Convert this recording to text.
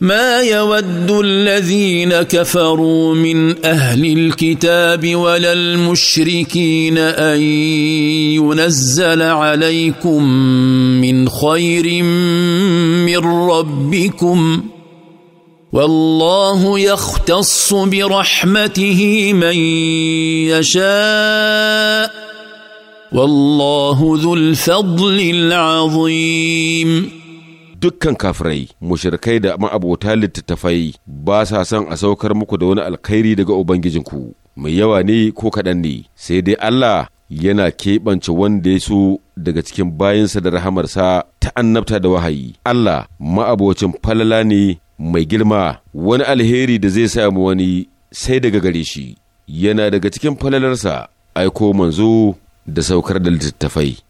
ما يود الذين كفروا من اهل الكتاب ولا المشركين ان ينزل عليكم من خير من ربكم والله يختص برحمته من يشاء والله ذو الفضل العظيم dukkan kafirai mushrikai da ma'abota littattafai ba sa son a saukar muku da wani alkhairi daga ubangijinku mai yawa ne ko kaɗan ne sai dai Allah yana keɓance wanda ya so daga cikin bayansa da rahamarsa ta annabta da wahayi Allah ma'abocin falala ne mai girma wani alheri da zai samu wani sai daga gare shi yana daga cikin falalarsa aiko manzo da saukar da littattafai